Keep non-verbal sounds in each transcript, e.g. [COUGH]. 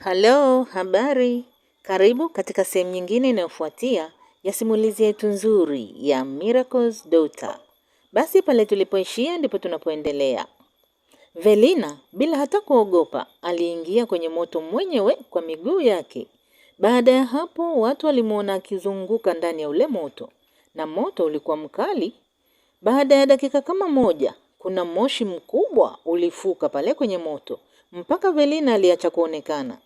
Halo, habari. Karibu katika sehemu nyingine inayofuatia ya simulizi yetu nzuri ya Miracle's Daughter. Basi pale tulipoishia ndipo tunapoendelea. Velina bila hata kuogopa aliingia kwenye moto mwenyewe kwa miguu yake. Baada ya hapo watu walimwona akizunguka ndani ya ule moto na moto ulikuwa mkali. Baada ya dakika kama moja, kuna moshi mkubwa ulifuka pale kwenye moto mpaka Velina aliacha kuonekana.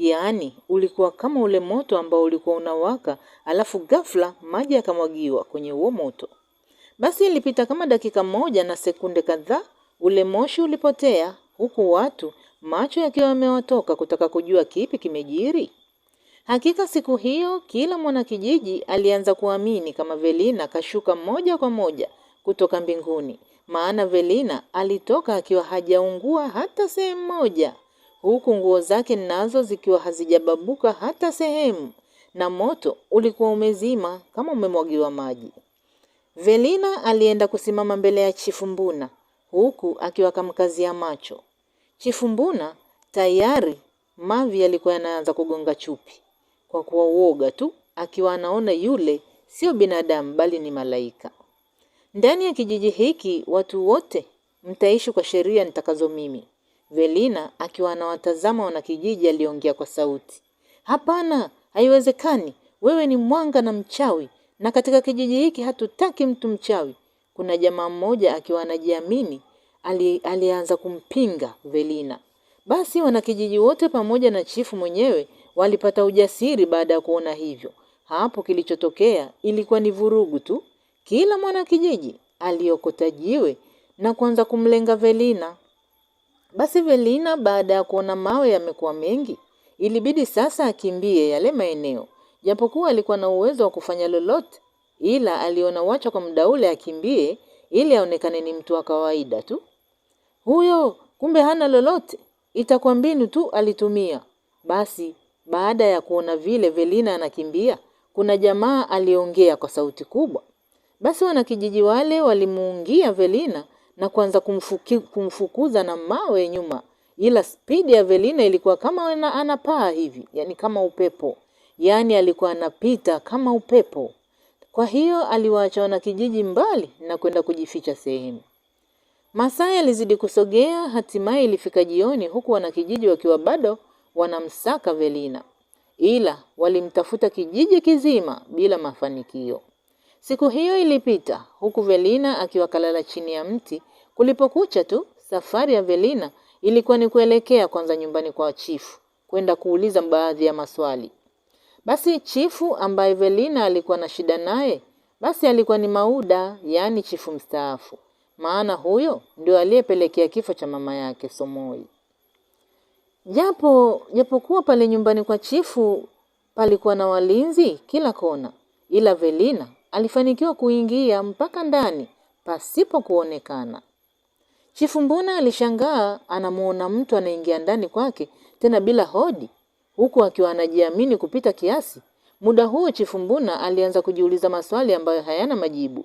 Yaani ulikuwa kama ule moto ambao ulikuwa unawaka, alafu ghafla maji yakamwagiwa kwenye huo moto. Basi ilipita kama dakika moja na sekunde kadhaa, ule moshi ulipotea, huku watu macho yakiwa yamewatoka kutaka kujua kipi kimejiri. Hakika siku hiyo kila mwanakijiji alianza kuamini kama Velina kashuka moja kwa moja kutoka mbinguni, maana Velina alitoka akiwa hajaungua hata sehemu moja huku nguo zake nazo zikiwa hazijababuka hata sehemu, na moto ulikuwa umezima kama umemwagiwa maji. Velina alienda kusimama mbele ya Chifu Mbuna huku akiwa kamkazia macho Chifu Mbuna. Tayari mavi yalikuwa yanaanza kugonga chupi kwa kuwa uoga tu, akiwa anaona yule sio binadamu bali ni malaika. Ndani ya kijiji hiki watu wote mtaishi kwa sheria nitakazo mimi. Velina akiwa anawatazama wanakijiji aliongea kwa sauti. Hapana, haiwezekani. Wewe ni mwanga na mchawi na katika kijiji hiki hatutaki mtu mchawi. Kuna jamaa mmoja akiwa anajiamini ali, alianza kumpinga Velina. Basi wanakijiji wote pamoja na chifu mwenyewe walipata ujasiri baada ya kuona hivyo. Hapo kilichotokea ilikuwa ni vurugu tu. Kila mwanakijiji aliokota jiwe na kuanza kumlenga Velina. Basi Velina baada ya kuona mawe yamekuwa mengi, ilibidi sasa akimbie yale maeneo. Japokuwa alikuwa na uwezo wa kufanya lolote, ila aliona wacha kwa muda ule akimbie ili aonekane ni mtu wa kawaida tu. Huyo kumbe hana lolote, itakuwa mbinu tu alitumia. Basi baada ya kuona vile Velina anakimbia, kuna jamaa aliongea kwa sauti kubwa. Basi wanakijiji wale walimuungia Velina na kuanza kumfukuza na mawe nyuma, ila spidi ya Velina ilikuwa kama ana, anapaa hivi, yani kama upepo, yani alikuwa anapita kama upepo. Kwa hiyo aliwaacha wanakijiji mbali na kwenda kujificha sehemu. Masaa alizidi kusogea, hatimaye ilifika jioni, huku wanakijiji wakiwa bado wanamsaka Velina, ila walimtafuta kijiji kizima bila mafanikio. Siku hiyo ilipita huku Velina akiwa kalala chini ya mti Kulipokucha tu, safari ya Velina ilikuwa ni kuelekea kwanza nyumbani kwa chifu kwenda kuuliza baadhi ya maswali. Basi chifu ambaye Velina alikuwa na shida naye, basi alikuwa ni Mauda, yaani chifu mstaafu, maana huyo ndio aliyepelekea kifo cha mama yake Somoi. Japo japokuwa pale nyumbani kwa chifu palikuwa na walinzi kila kona, ila Velina alifanikiwa kuingia mpaka ndani pasipo kuonekana. Chifu Mbuna alishangaa anamuona mtu anaingia ndani kwake tena bila hodi, huku akiwa anajiamini kupita kiasi. Muda huo Chifu Mbuna alianza kujiuliza maswali ambayo hayana majibu.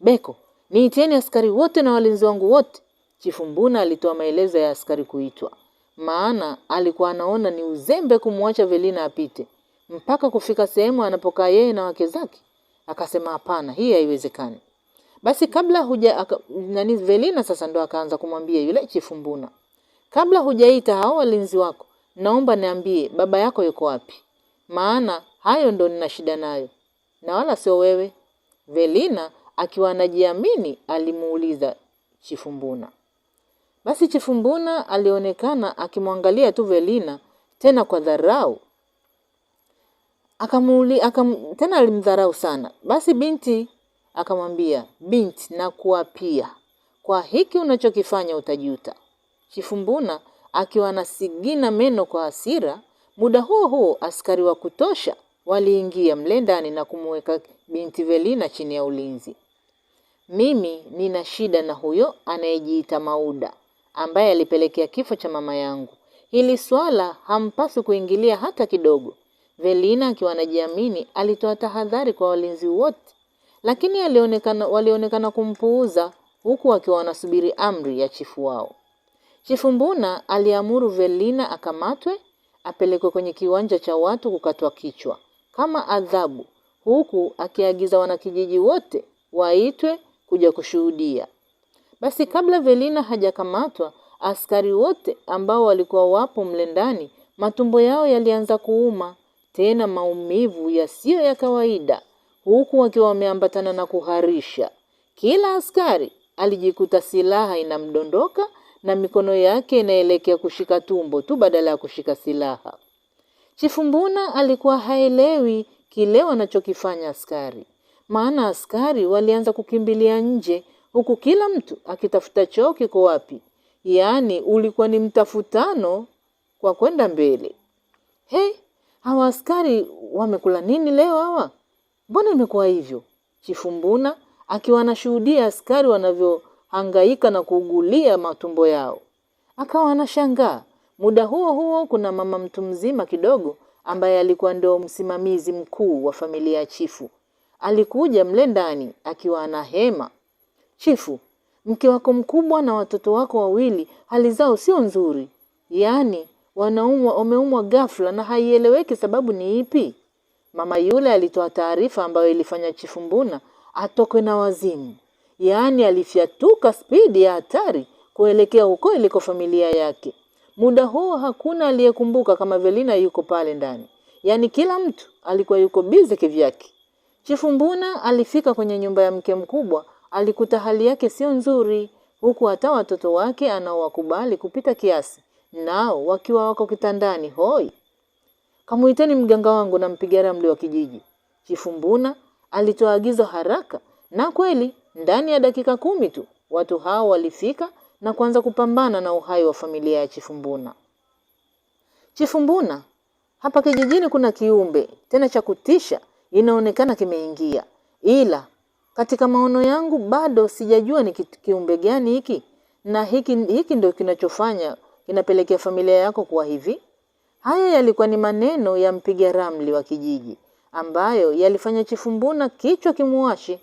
Beko, niitieni askari wote na walinzi wangu wote. Chifu Mbuna alitoa maelezo ya askari kuitwa, maana alikuwa anaona ni uzembe kumwacha Velina apite mpaka kufika sehemu anapokaa yeye na wake zake. Akasema hapana, hii haiwezekani. Basi kabla huja nani Velina sasa ndo akaanza kumwambia yule chifu Mbuna, kabla hujaita hao walinzi wako, naomba niambie baba yako yuko wapi? Maana hayo ndo nina shida nayo, na wala sio wewe. Velina akiwa anajiamini alimuuliza chifu Mbuna. Basi chifu Mbuna alionekana akimwangalia tu Velina tena kwa dharau akamuuli, akam, tena alimdharau sana. Basi binti Akamwambia, binti, pia kwa hiki unachokifanya utajuta. Chifumbuna akiwa anasigina meno kwa hasira, muda huo huo askari wa kutosha waliingia mle ndani na kumuweka binti Velina chini ya ulinzi. Mimi nina shida na huyo anayejiita Mauda ambaye alipelekea kifo cha mama yangu. Hili swala hampaswi kuingilia hata kidogo. Velina akiwa anajiamini, alitoa tahadhari kwa walinzi wote lakini walionekana kumpuuza huku wakiwa wanasubiri amri ya chifu wao. Chifu Mbuna aliamuru Velina akamatwe apelekwe kwenye kiwanja cha watu kukatwa kichwa kama adhabu, huku akiagiza wanakijiji wote waitwe kuja kushuhudia. Basi kabla Velina hajakamatwa, askari wote ambao walikuwa wapo mle ndani, matumbo yao yalianza kuuma, tena maumivu yasiyo ya kawaida huku wakiwa wameambatana na kuharisha. Kila askari alijikuta silaha inamdondoka na mikono yake inaelekea kushika tumbo tu badala ya kushika silaha. Chifu Mbuna alikuwa haelewi kile wanachokifanya askari, maana askari walianza kukimbilia nje, huku kila mtu akitafuta choo kiko wapi. Yaani ulikuwa ni mtafutano kwa kwenda mbele. He, hawa askari wamekula nini leo hawa? Mbona imekuwa hivyo? Chifu Mbuna akiwa anashuhudia askari wanavyohangaika na kuugulia matumbo yao, akawa anashangaa. Muda huo huo, kuna mama mtu mzima kidogo ambaye alikuwa ndio msimamizi mkuu wa familia ya chifu alikuja mle ndani akiwa ana hema. Chifu, mke wako mkubwa na watoto wako wawili hali zao sio nzuri, yaani wanaumwa, wameumwa ghafla na haieleweki sababu ni ipi? Mama yule alitoa taarifa ambayo ilifanya Chifu Mbuna atokwe na wazimu, yaani alifyatuka spidi ya hatari kuelekea huko iliko familia yake. Muda huo hakuna aliyekumbuka kama Velina yuko pale ndani, yaani kila mtu alikuwa yuko bize kivyake. Chifu Mbuna alifika kwenye nyumba ya mke mkubwa, alikuta hali yake sio nzuri, huku hata watoto wake anaowakubali kupita kiasi nao wakiwa wako kitandani hoi. Kamuiteni mganga wangu na mpiga ramli wa kijiji. Chifu Mbuna alitoa agizo haraka, na kweli ndani ya dakika kumi tu watu hao walifika na kuanza kupambana na uhai wa familia ya Chifu Mbuna. Chifu Mbuna, hapa kijijini kuna kiumbe tena cha kutisha, inaonekana kimeingia, ila katika maono yangu bado sijajua ni kiumbe gani hiki, na hiki hiki ndio kinachofanya kinapelekea familia yako kuwa hivi. Haya yalikuwa ni maneno ya mpiga ramli wa kijiji ambayo yalifanya Chifu Mbuna kichwa kimuwashi.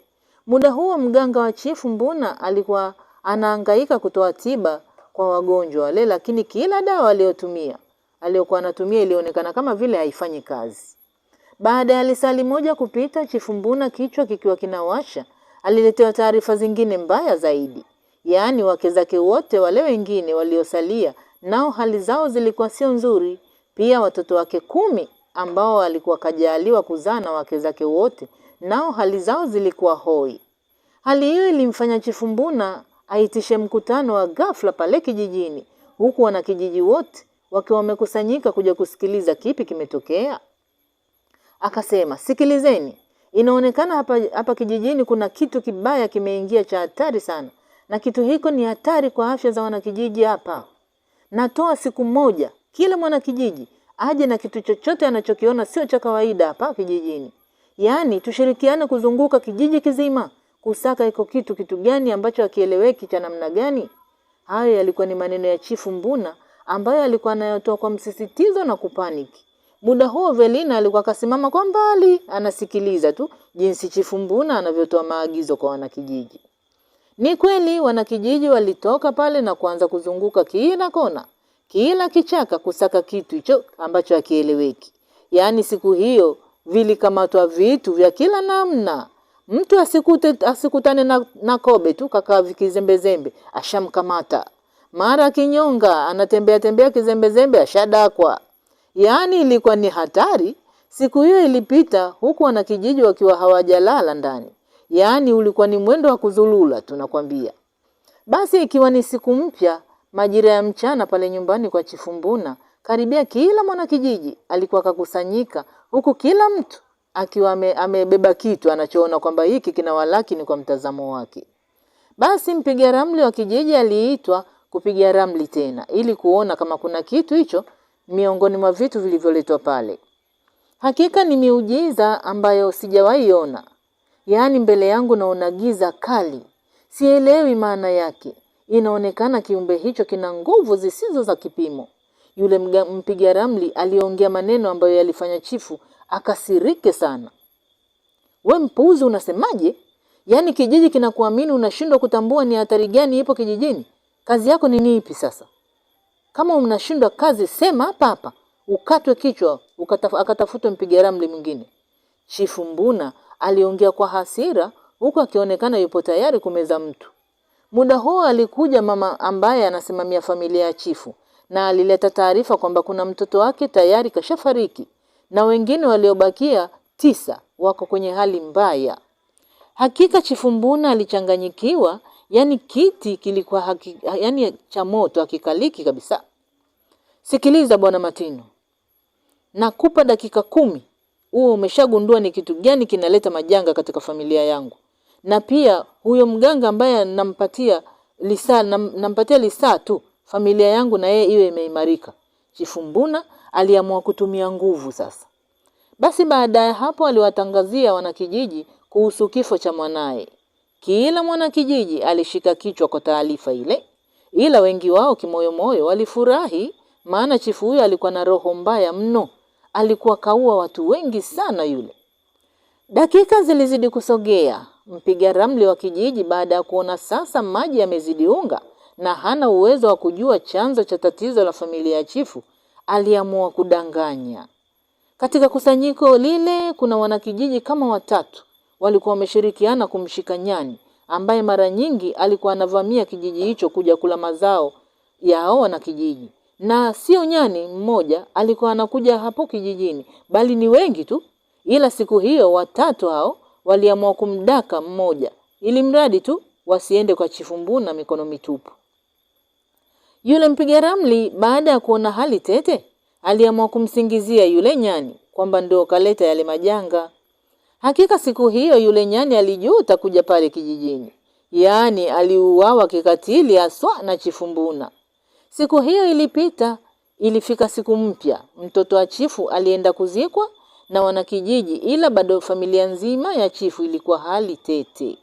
Muda huo mganga wa Chifu Mbuna alikuwa anaangaika kutoa tiba kwa wagonjwa wale, lakini kila dawa aliyotumia aliyokuwa anatumia ilionekana kama vile haifanyi kazi. Baada ya lisali moja kupita, Chifu Mbuna kichwa kikiwa kinawasha, aliletewa taarifa zingine mbaya zaidi, yaani wake zake wote wale wengine waliosalia nao hali zao zilikuwa sio nzuri. Pia watoto wake kumi ambao walikuwa kajaaliwa kuzaa na wake zake wote, nao hali zao zilikuwa hoi. Hali hiyo ilimfanya Chifu Mbuna aitishe mkutano wa ghafla pale kijijini, huku wanakijiji wote wakiwa wamekusanyika kuja kusikiliza kipi kimetokea. Akasema, sikilizeni, inaonekana hapa, hapa kijijini kuna kitu kibaya kimeingia cha hatari sana, na kitu hiko ni hatari kwa afya za wanakijiji hapa. Natoa siku moja kila mwanakijiji aje na kitu chochote anachokiona sio cha kawaida hapa kijijini. Yaani tushirikiane kuzunguka kijiji kizima kusaka iko kitu kitu gani ambacho hakieleweki cha namna gani. Hayo yalikuwa ni maneno ya Chifu Mbuna ambayo alikuwa anayotoa kwa msisitizo na kupaniki. Muda huo Velina alikuwa akasimama kwa mbali anasikiliza tu jinsi Chifu Mbuna anavyotoa maagizo kwa wanakijiji. Ni kweli wanakijiji walitoka pale na kuanza kuzunguka kila kona kila kichaka kusaka kitu hicho ambacho hakieleweki. Yaani siku hiyo vilikamatwa vitu vya kila namna. Mtu asikute, asikutane na, na kobe tu kakaa kizembezembe ashamkamata, mara kinyonga anatembea tembea kizembezembe ashadakwa. Yaani ilikuwa ni hatari. Siku hiyo ilipita huku wanakijiji wakiwa hawajalala ndani, yaani ulikuwa ni mwendo wa kuzulula tunakwambia. Basi ikiwa ni siku mpya, Majira ya mchana pale nyumbani kwa Chifumbuna, karibia kila mwanakijiji alikuwa akakusanyika, huku kila mtu akiwa amebeba ame kitu anachoona kwamba hiki kinawalaki ni kwa mtazamo wake. Basi mpiga ramli wa kijiji aliitwa kupiga ramli tena ili kuona kama kuna kitu hicho miongoni mwa vitu vilivyoletwa pale. Hakika ni miujiza ambayo sijawahi ona, yaani mbele yangu naona giza kali, sielewi maana yake, Inaonekana kiumbe hicho kina nguvu zisizo za kipimo. Yule mpiga ramli aliongea maneno ambayo yalifanya chifu akasirike sana. We mpuuzi, unasemaje? Yaani kijiji kinakuamini, unashindwa kutambua ni hatari gani ipo kijijini? Kazi yako ni nipi sasa? Kama unashindwa kazi, sema hapa hapa, ukatwe kichwa, akatafutwe mpiga ramli mwingine. Chifu Mbuna aliongea kwa hasira, huku akionekana yupo tayari kumeza mtu. Muda huo alikuja mama ambaye anasimamia familia ya chifu na alileta taarifa kwamba kuna mtoto wake tayari kashafariki na wengine waliobakia tisa wako kwenye hali mbaya. Hakika Chifu Mbuna alichanganyikiwa, yani kiti kilikuwa haki, yani cha moto hakikaliki kabisa. Sikiliza Bwana Matino, nakupa dakika kumi, huo umeshagundua ni kitu gani kinaleta majanga katika familia yangu na pia huyo mganga ambaye nampatia lisaa nam, nampatia lisaa tu familia yangu na yeye iwe imeimarika. Mbuna aliamua kutumia nguvu sasa. Basi baada ya hapo aliwatangazia wanakijiji kuhusu kifo cha mwanaye. Kila mwanakijiji alishika kichwa kwa taarifa ile, ila wengi wao kimoyomoyo walifurahi, maana chifu huyo alikuwa na roho mbaya mno, alikuwa kaua watu wengi sana yule. Dakika zilizidi kusogea, Mpiga ramli wa kijiji baada ya kuona sasa maji yamezidi unga na hana uwezo wa kujua chanzo cha tatizo la familia ya chifu, aliamua kudanganya. Katika kusanyiko lile kuna wanakijiji kama watatu walikuwa wameshirikiana kumshika nyani ambaye mara nyingi alikuwa anavamia kijiji hicho kuja kula mazao yao wanakijiji. Na sio nyani mmoja alikuwa anakuja hapo kijijini, bali ni wengi tu, ila siku hiyo watatu hao waliamua kumdaka mmoja, ili mradi tu wasiende kwa chifu Mbuna mikono mitupu. Yule mpiga ramli baada ya kuona hali tete, aliamua kumsingizia yule nyani kwamba ndio kaleta yale majanga. Hakika siku hiyo yule nyani alijuta kuja pale kijijini, yaani aliuawa kikatili haswa na chifu Mbuna. Siku hiyo ilipita, ilifika siku mpya, mtoto wa chifu alienda kuzikwa na wanakijiji, ila bado familia nzima ya chifu ilikuwa hali tete.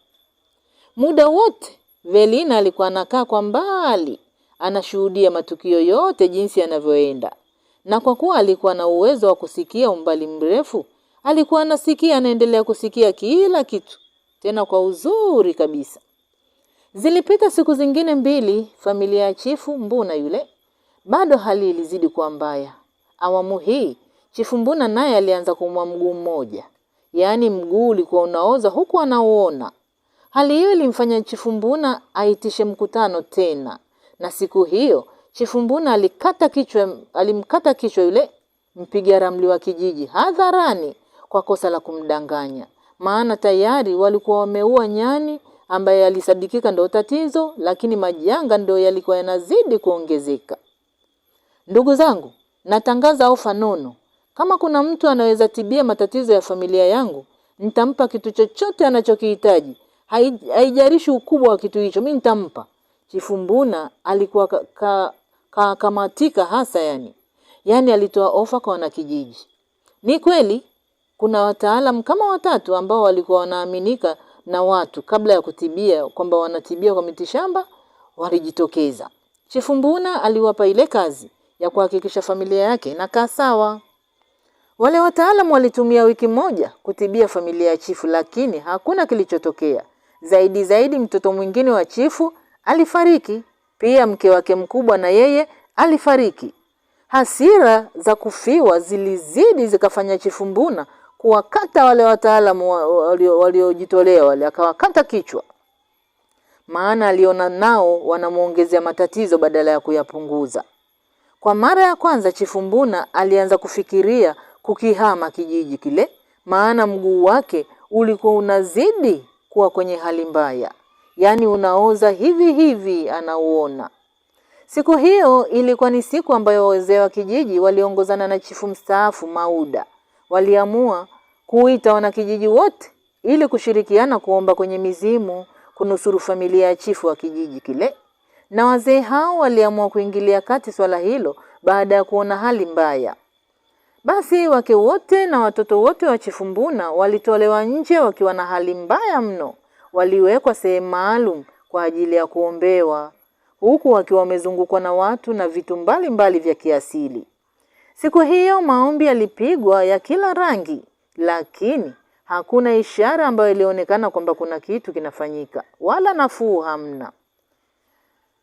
Muda wote Velina alikuwa anakaa kwa mbali, anashuhudia matukio yote jinsi yanavyoenda, na kwa kuwa alikuwa na uwezo wa kusikia umbali mrefu, alikuwa anasikia, anaendelea kusikia kila kitu, tena kwa uzuri kabisa. Zilipita siku zingine mbili, familia ya chifu Mbuna yule bado hali ilizidi kuwa mbaya. Awamu hii Chifumbuna naye alianza kumwa mguu mmoja, yaani mguu ulikuwa unaoza huku anauona. Hali hiyo ilimfanya Chifumbuna aitishe mkutano tena, na siku hiyo Chifumbuna alikata kichwa, alimkata kichwa yule mpiga ramli wa kijiji hadharani kwa kosa la kumdanganya, maana tayari walikuwa wameua nyani ambaye alisadikika ndio tatizo, lakini majanga ndio yalikuwa yanazidi kuongezeka. Ndugu zangu, natangaza ofa nono kama kuna mtu anaweza tibia matatizo ya familia yangu, nitampa kitu chochote anachokihitaji, haijarishi ukubwa wa kitu hicho, mimi nitampa. Chifu Mbuna alikuwa ka, ka, kamatika hasa yani, yani alitoa ofa kwa wanakijiji. Ni kweli kuna wataalam kama watatu ambao walikuwa wanaaminika na watu kabla ya kutibia kwamba wanatibia kwa mitishamba, walijitokeza. Chifu Mbuna aliwapa ile kazi ya kuhakikisha familia yake inakaa sawa. Wale wataalamu walitumia wiki moja kutibia familia ya chifu, lakini hakuna kilichotokea. Zaidi zaidi, mtoto mwingine wa chifu alifariki pia, mke wake mkubwa na yeye alifariki. Hasira za kufiwa zilizidi zikafanya chifu Mbuna kuwakata wale wataalamu waliojitolea wale, akawakata kichwa, maana aliona nao wanamwongezea matatizo badala ya kuyapunguza. Kwa mara ya kwanza chifu Mbuna alianza kufikiria kukihama kijiji kile, maana mguu wake ulikuwa unazidi kuwa kwenye hali mbaya, yaani unaoza hivi hivi anauona. Siku hiyo ilikuwa ni siku ambayo wazee wa kijiji waliongozana na chifu mstaafu Mauda waliamua kuita wanakijiji wote ili kushirikiana kuomba kwenye mizimu kunusuru familia ya chifu wa kijiji kile, na wazee hao waliamua kuingilia kati swala hilo baada ya kuona hali mbaya. Basi wake wote na watoto wote wa Chifumbuna walitolewa nje wakiwa na hali mbaya mno, waliwekwa sehemu maalum kwa ajili ya kuombewa, huku wakiwa wamezungukwa na watu na vitu mbalimbali mbali vya kiasili. Siku hiyo maombi yalipigwa ya kila rangi, lakini hakuna ishara ambayo ilionekana kwamba kuna kitu kinafanyika, wala nafuu hamna.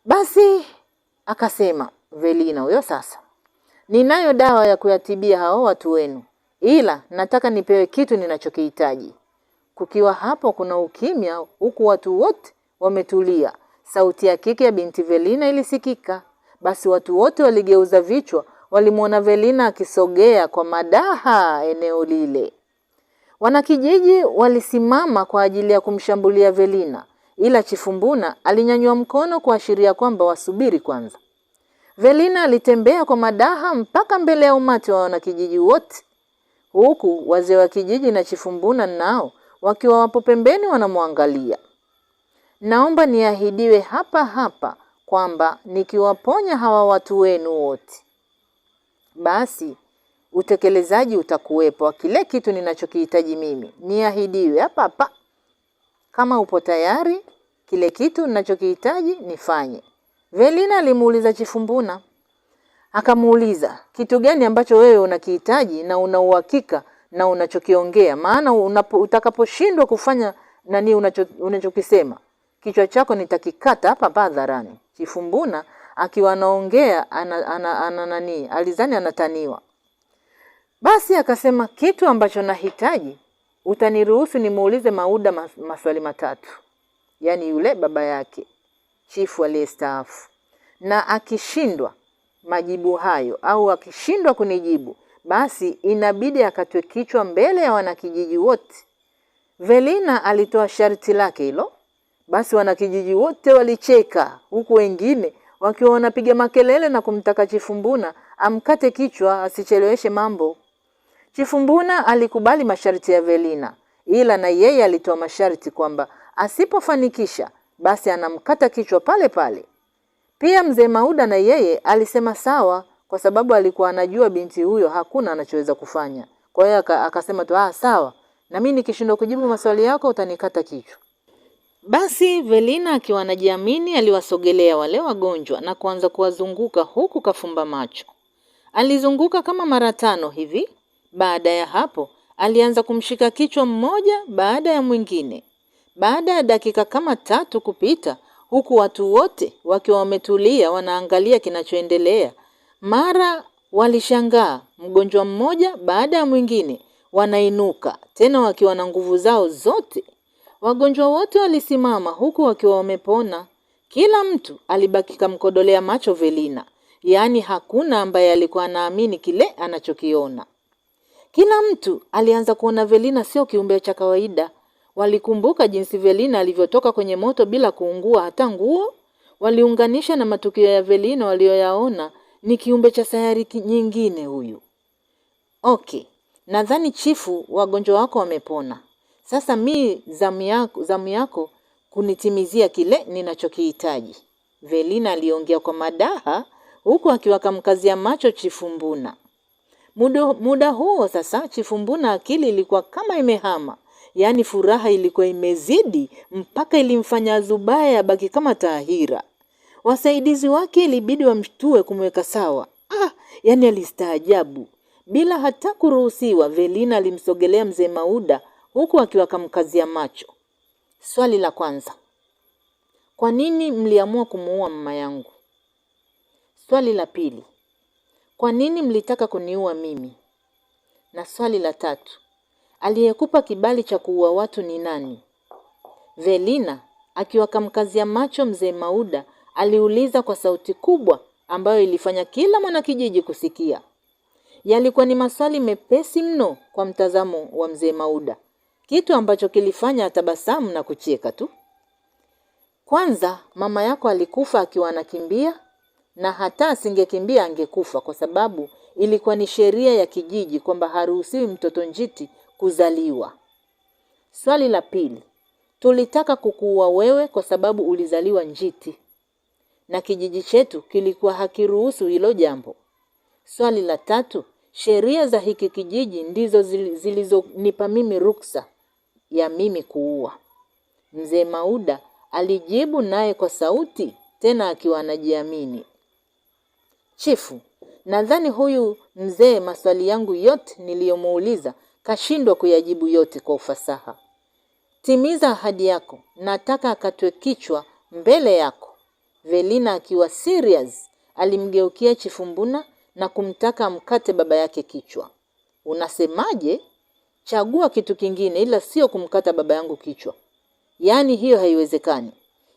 Basi akasema Velina huyo sasa ninayo dawa ya kuyatibia hao watu wenu, ila nataka nipewe kitu ninachokihitaji. Kukiwa hapo kuna ukimya, huku watu wote wametulia. Sauti ya kike ya binti Velina ilisikika. Basi watu wote waligeuza vichwa, walimwona Velina akisogea kwa madaha eneo lile. Wanakijiji walisimama kwa ajili ya kumshambulia Velina, ila Chifumbuna alinyanyua mkono kuashiria kwamba wasubiri kwanza. Velina alitembea kwa madaha mpaka mbele ya umati wa wanakijiji wote, huku wazee wa kijiji na Chifumbuna nao wakiwa wapo pembeni wanamwangalia. Naomba niahidiwe hapa hapa kwamba nikiwaponya hawa watu wenu wote, basi utekelezaji utakuwepo wa kile kitu ninachokihitaji mimi. Niahidiwe hapa hapa, kama upo tayari, kile kitu ninachokihitaji nifanye. Velina alimuuliza Chifumbuna, akamuuliza kitu gani ambacho wewe unakihitaji na una uhakika na unachokiongea, maana utakaposhindwa kufanya nani unacho, unachokisema kichwa chako nitakikata hapa hadharani. Chifumbuna akiwa anaongea ana, ana, ana nani alizani anataniwa. Basi akasema kitu ambacho nahitaji utaniruhusu nimuulize Mauda maswali matatu, yaani yule baba yake chifu aliyestaafu. Na akishindwa majibu hayo au akishindwa kunijibu, basi inabidi akatwe kichwa mbele ya wanakijiji wote. Velina alitoa sharti lake hilo, basi wanakijiji wote walicheka, huku wengine wakiwa wanapiga makelele na kumtaka Chifu Mbuna amkate kichwa asicheleweshe mambo. Chifu Mbuna alikubali masharti ya Velina, ila na yeye alitoa masharti kwamba asipofanikisha basi anamkata kichwa pale pale. Pia mzee Mauda na yeye alisema sawa, kwa sababu alikuwa anajua binti huyo hakuna anachoweza kufanya. Kwa hiyo akasema tu ah, sawa, na mimi nikishindwa kujibu maswali yako utanikata kichwa. Basi Velina akiwa anajiamini aliwasogelea wale wagonjwa na kuanza kuwazunguka huku kafumba macho. Alizunguka kama mara tano hivi. Baada ya hapo, alianza kumshika kichwa mmoja baada ya mwingine. Baada ya dakika kama tatu kupita, huku watu wote wakiwa wametulia wanaangalia kinachoendelea, mara walishangaa, mgonjwa mmoja baada ya mwingine wanainuka tena wakiwa na nguvu zao zote. Wagonjwa wote walisimama huku wakiwa wamepona. Kila mtu alibaki kamkodolea macho Velina, yaani hakuna ambaye alikuwa anaamini kile anachokiona. Kila mtu alianza kuona Velina sio kiumbe cha kawaida, Walikumbuka jinsi Velina alivyotoka kwenye moto bila kuungua hata nguo. Waliunganisha na matukio ya Velina walioyaona, ni kiumbe cha sayari nyingine huyu. Okay, nadhani chifu, wagonjwa wako wamepona. Sasa mi zamu yako, zamu yako kunitimizia kile ninachokihitaji. Velina aliongea kwa madaha huku akiwakamkazia macho Chifu Mbuna. muda huo sasa Chifu Mbuna akili ilikuwa kama imehama. Yaani furaha ilikuwa imezidi mpaka ilimfanya Zubaya abaki kama taahira. Wasaidizi wake ilibidi wamshtue kumweka sawa. Ah, yaani alistaajabu. Bila hata kuruhusiwa, Velina alimsogelea mzee Mauda huku akiwa kamkazia macho. Swali la kwanza. Kwa nini mliamua kumuua mama yangu? Swali la pili. Kwa nini mlitaka kuniua mimi? Na swali la tatu. Aliyekupa kibali cha kuua watu ni nani? Velina akiwa kamkazia macho mzee Mauda aliuliza kwa sauti kubwa ambayo ilifanya kila mwanakijiji kusikia. Yalikuwa ni maswali mepesi mno kwa mtazamo wa mzee Mauda, kitu ambacho kilifanya atabasamu na kucheka tu. Kwanza, mama yako alikufa akiwa anakimbia, na hata asingekimbia angekufa, kwa sababu ilikuwa ni sheria ya kijiji kwamba haruhusiwi mtoto njiti kuzaliwa. Swali la pili, tulitaka kukuua wewe kwa sababu ulizaliwa njiti na kijiji chetu kilikuwa hakiruhusu hilo jambo. Swali la tatu, sheria za hiki kijiji ndizo zilizonipa mimi ruksa ya mimi kuua. Mzee Mauda alijibu naye kwa sauti tena akiwa anajiamini. Chifu, nadhani huyu mzee maswali yangu yote niliyomuuliza kashindwa kuyajibu yote kwa ufasaha. Timiza ahadi yako, nataka akatwe kichwa mbele yako. Velina akiwa serious alimgeukia Chifumbuna na kumtaka amkate baba yake kichwa. Unasemaje? Chagua kitu kingine, ila sio kumkata baba yangu kichwa. Yaani hiyo haiwezekani.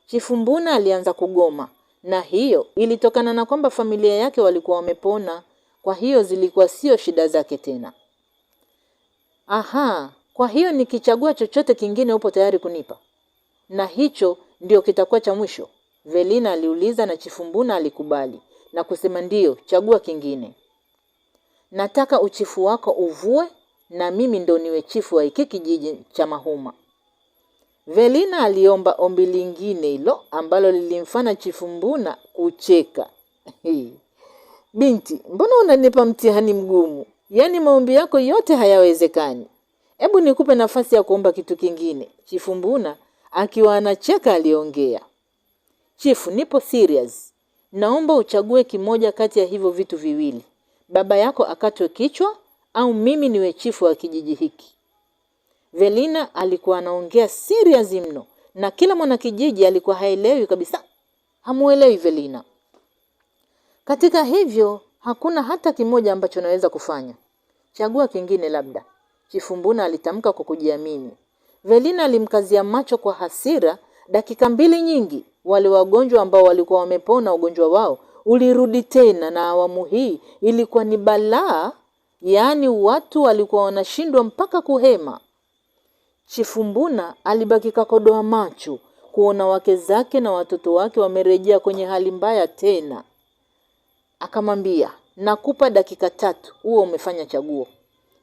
Chifumbuna alianza kugoma, na hiyo ilitokana na kwamba familia yake walikuwa wamepona, kwa hiyo zilikuwa sio shida zake tena aha, kwa hiyo nikichagua chochote kingine upo tayari kunipa, na hicho ndio kitakuwa cha mwisho? Velina aliuliza na Chifumbuna alikubali na kusema ndiyo, chagua kingine. Nataka uchifu wako uvue na mimi ndo niwe chifu wa hiki kijiji cha Mahuma. Velina aliomba ombi lingine hilo ambalo lilimfana Chifumbuna kucheka. [LAUGHS] Binti, mbona unanipa mtihani mgumu? yaani maombi yako yote hayawezekani. Hebu nikupe nafasi ya kuomba kitu kingine. Chifu Mbuna akiwa anacheka aliongea, Chifu, nipo serious, naomba uchague kimoja kati ya hivyo vitu viwili, baba yako akatwe kichwa au mimi niwe chifu wa kijiji hiki. Velina alikuwa anaongea serious mno, na kila mwanakijiji alikuwa haelewi kabisa, hamuelewi Velina. Katika hivyo hakuna hata kimoja ambacho naweza kufanya. Chagua kingine labda, Chifumbuna alitamka kwa kujiamini. Velina alimkazia macho kwa hasira. Dakika mbili nyingi, wale wagonjwa ambao walikuwa wamepona ugonjwa wao ulirudi tena, na awamu hii ilikuwa ni balaa. Yaani watu walikuwa wanashindwa mpaka kuhema. Chifumbuna alibaki kakodoa macho kuona wake zake na watoto wake wamerejea kwenye hali mbaya tena, akamwambia Nakupa dakika tatu, huo umefanya chaguo.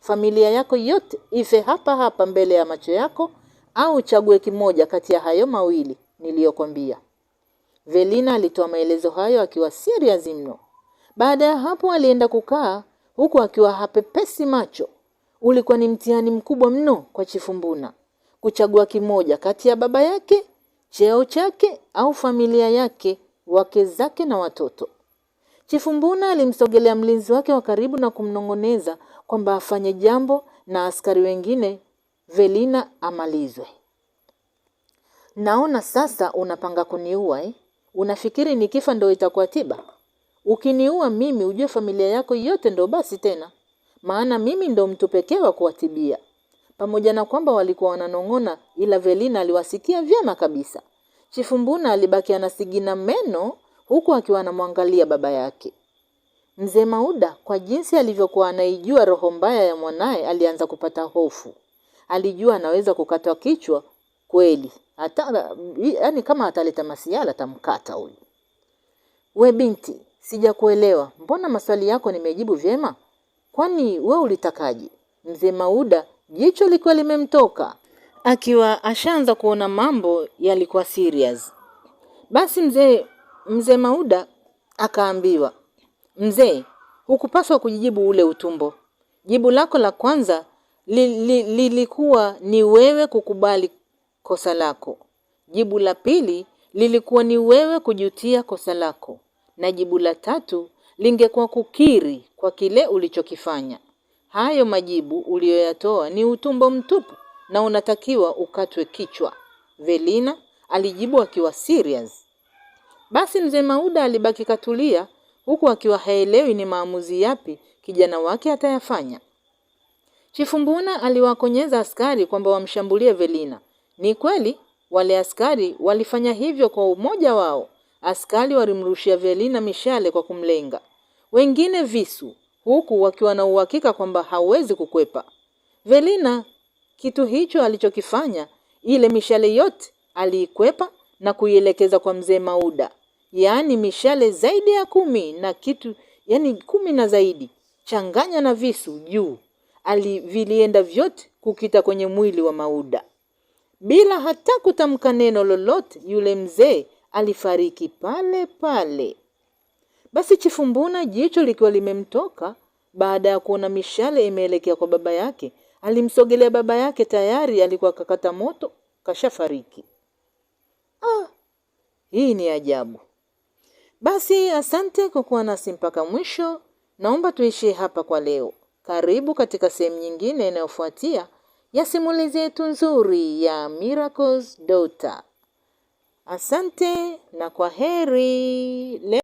Familia yako yote ife hapa hapa mbele ya macho yako, au chague kimoja kati ya hayo mawili niliyokwambia. Velina alitoa maelezo hayo akiwa serious mno. Baada ya hapo, alienda kukaa huku akiwa hapepesi macho. Ulikuwa ni mtihani mkubwa mno kwa Chifumbuna kuchagua kimoja kati ya baba yake, cheo chake, au familia yake, wake zake na watoto. Chifu Mbuna alimsogelea mlinzi wake wa karibu na kumnong'oneza kwamba afanye jambo na askari wengine Velina amalizwe. Naona sasa unapanga kuniua eh? Unafikiri nikifa ndo itakuwa tiba? Ukiniua mimi ujue familia yako yote ndo basi tena, maana mimi ndo mtu pekee wa kuwatibia. Pamoja na kwamba walikuwa wananong'ona, ila Velina aliwasikia vyema kabisa. Chifu Mbuna alibaki anasigina meno huku akiwa anamwangalia baba yake. Mzee Mauda kwa jinsi alivyokuwa anaijua roho mbaya ya mwanaye, alianza kupata hofu. Alijua anaweza kukatwa kichwa kweli, hata yani kama ataleta masiala atamkata huyu. We binti, sijakuelewa, mbona maswali yako nimejibu vyema? Kwani we ulitakaje? Mzee Mauda jicho likiwa limemtoka, akiwa ashaanza kuona mambo yalikuwa serious. Basi mzee Mzee Mauda akaambiwa, mzee, hukupaswa kujijibu ule utumbo. Jibu lako la kwanza lilikuwa li, li, ni wewe kukubali kosa lako. Jibu la pili lilikuwa ni wewe kujutia kosa lako, na jibu la tatu lingekuwa kukiri kwa kile ulichokifanya. Hayo majibu uliyoyatoa ni utumbo mtupu na unatakiwa ukatwe kichwa. Velina alijibu akiwa serious. Basi mzee Mauda alibaki katulia, huku akiwa haelewi ni maamuzi yapi kijana wake atayafanya. Chifumbuna aliwakonyeza askari kwamba wamshambulie Velina. Ni kweli wale askari walifanya hivyo kwa umoja wao. Askari walimrushia Velina mishale kwa kumlenga, wengine visu, huku wakiwa na uhakika kwamba hawezi kukwepa. Velina kitu hicho alichokifanya, ile mishale yote aliikwepa na kuielekeza kwa mzee Mauda yaani mishale zaidi ya kumi na kitu yaani kumi na zaidi changanya na visu juu vilienda vyote kukita kwenye mwili wa Mauda bila hata kutamka neno lolote. Yule mzee alifariki pale pale. Basi Chifumbuna, jicho likiwa limemtoka baada ya kuona mishale imeelekea kwa baba yake, alimsogelea baba yake, tayari alikuwa kakata moto, kashafariki. Ah, hii ni ajabu. Basi asante kwa kuwa nasi mpaka mwisho. Naomba tuishie hapa kwa leo. Karibu katika sehemu nyingine inayofuatia ya simulizi yetu nzuri ya Miracle's Daughter. Asante na kwa heri.